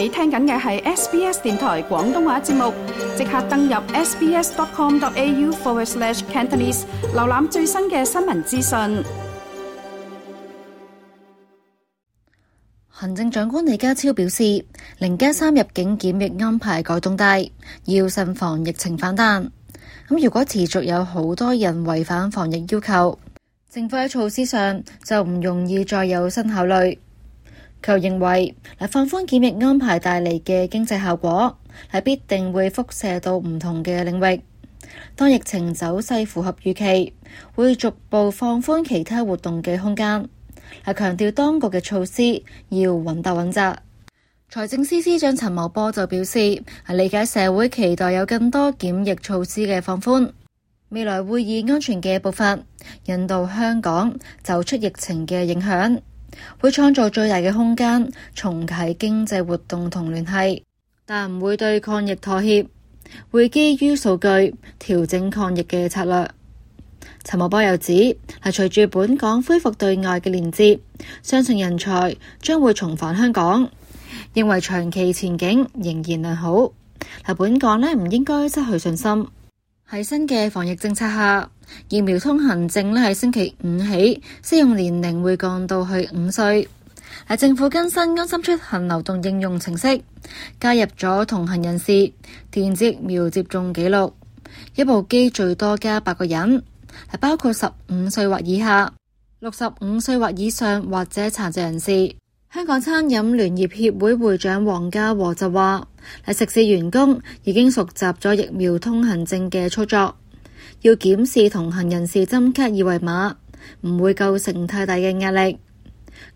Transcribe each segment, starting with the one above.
你聽緊嘅係 SBS 電台廣東話節目，即刻登入 sbs.com.au/cantonese an 瀏覽最新嘅新聞資訊。行政長官李家超表示，零加三入境檢疫安排改動大，要慎防疫情反彈。咁如果持續有好多人違反防疫要求，政府喺措施上就唔容易再有新考慮。佢又認為放寬檢疫安排帶嚟嘅經濟效果係必定會輻射到唔同嘅領域。當疫情走勢符合預期，會逐步放寬其他活動嘅空間。係強調當局嘅措施要穩打穩紮。財政司司長陳茂波就表示，係理解社會期待有更多檢疫措施嘅放寬，未來會以安全嘅步伐引導香港走出疫情嘅影響。會創造最大嘅空間，重啟經濟活動同聯繫，但唔會對抗疫妥協，會基於數據調整抗疫嘅策略。陳茂波又指，係隨住本港恢復對外嘅連接，相信人才將會重返香港，認為長期前景仍然良好。係本港咧，唔應該失去信心。喺新嘅防疫政策下，疫苗通行證咧喺星期五起適用年齡會降到去五歲。喺政府更新安心出行流動應用程式，加入咗同行人士、電子疫苗接種記錄，一部機最多加八個人，係包括十五歲或以下、六十五歲或以上或者殘疾人士。香港餐飲聯業協會會長黃家和就話。喺食肆員工已經熟習咗疫苗通行證嘅操作，要檢視同行人士針卡二維碼，唔會構成太大嘅壓力。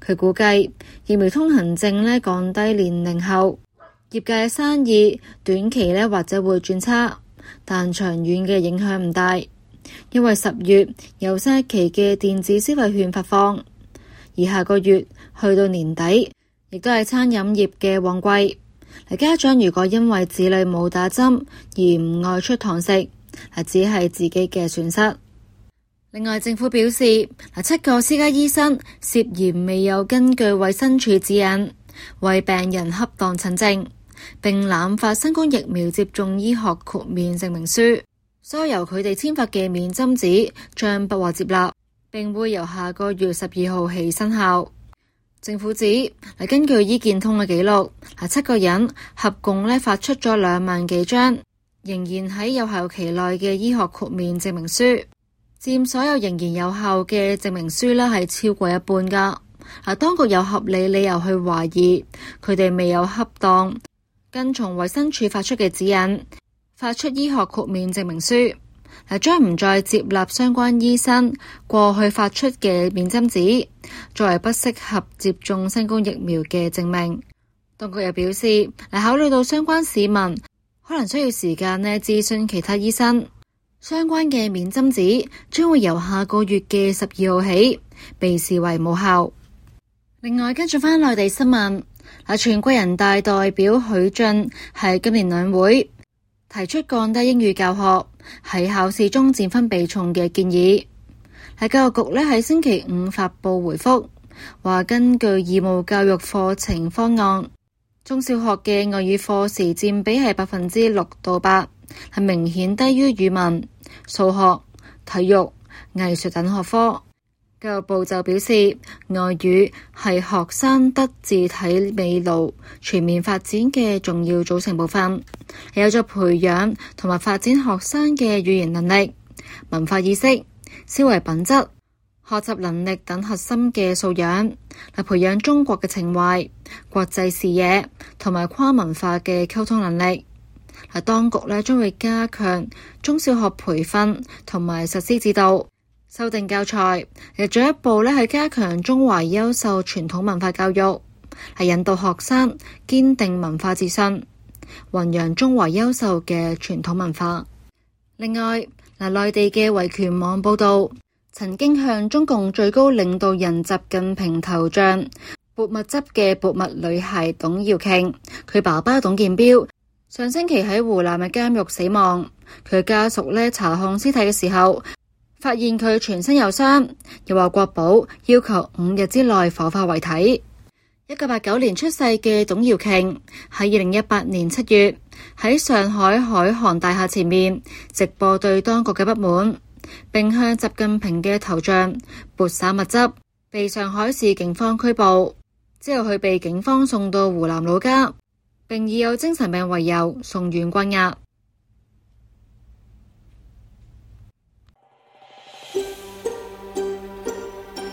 佢估計疫苗通行證咧降低年齡後，業界生意短期咧或者會轉差，但長遠嘅影響唔大，因為十月有新一期嘅電子消費券發放，而下個月去到年底亦都係餐飲業嘅旺季。家長如果因為子女冇打針而唔外出堂食，係只係自己嘅損失。另外，政府表示，嗱，七個私家醫生涉嫌未有根據衞生署指引為病人恰當診症，並濫發新冠疫苗接種醫學豁免證明書，所以由佢哋簽發嘅免針紙將不獲接納，並會由下個月十二號起生效。政府指，根據醫健通嘅記錄，嗱七個人合共咧發出咗兩萬幾張仍然喺有效期內嘅醫學豁免證明書，佔所有仍然有效嘅證明書咧係超過一半噶。嗱，當局有合理理由去懷疑佢哋未有恰當跟從衞生署發出嘅指引發出醫學豁免證明書。嗱，將唔再接納相關醫生過去發出嘅免針紙作為不適合接種新冠疫苗嘅證明。當局又表示，考慮到相關市民可能需要時間呢諮詢其他醫生，相關嘅免針紙將會由下個月嘅十二號起被視為無效。另外，跟住返內地新聞，全國人大代表許進喺今年兩會，提出降低英語教學喺考試中佔分比重嘅建議，喺教育局咧喺星期五發佈回覆話根據義務教育課程方案，中小學嘅外語課時佔比係百分之六到八，係明顯低於語文、數學、體育、藝術等學科。教育部就表示，外語係學生德智體美勞全面發展嘅重要組成部分，有咗培養同埋發展學生嘅語言能力、文化意識、思維品質、學習能力等核心嘅素養，嚟培養中國嘅情懷、國際視野同埋跨文化嘅溝通能力。係當局呢，將會加強中小學培訓同埋實施指導。修訂教材，又進一步咧係加強中華優秀傳統文化教育，係引導學生堅定文化自信，弘揚中華優秀嘅傳統文化。另外，嗱內地嘅維權網報道，曾經向中共最高領導人習近平頭像潑墨汁嘅潑墨女孩董瑤瓊，佢爸爸董建彪上星期喺湖南嘅監獄死亡，佢家屬咧查控屍體嘅時候。發現佢全身有傷，又話國保要求五日之內火化遺體。一九八九年出世嘅董瑤瓊，喺二零一八年七月喺上海海航大廈前面直播對當局嘅不滿，並向習近平嘅頭像潑灑物質，被上海市警方拘捕。之後佢被警方送到湖南老家，並以有精神病為由送院關押。